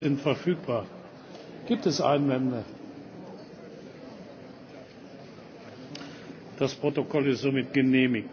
sind verfügbar. Gibt es Einwände? Das Protokoll ist somit genehmigt.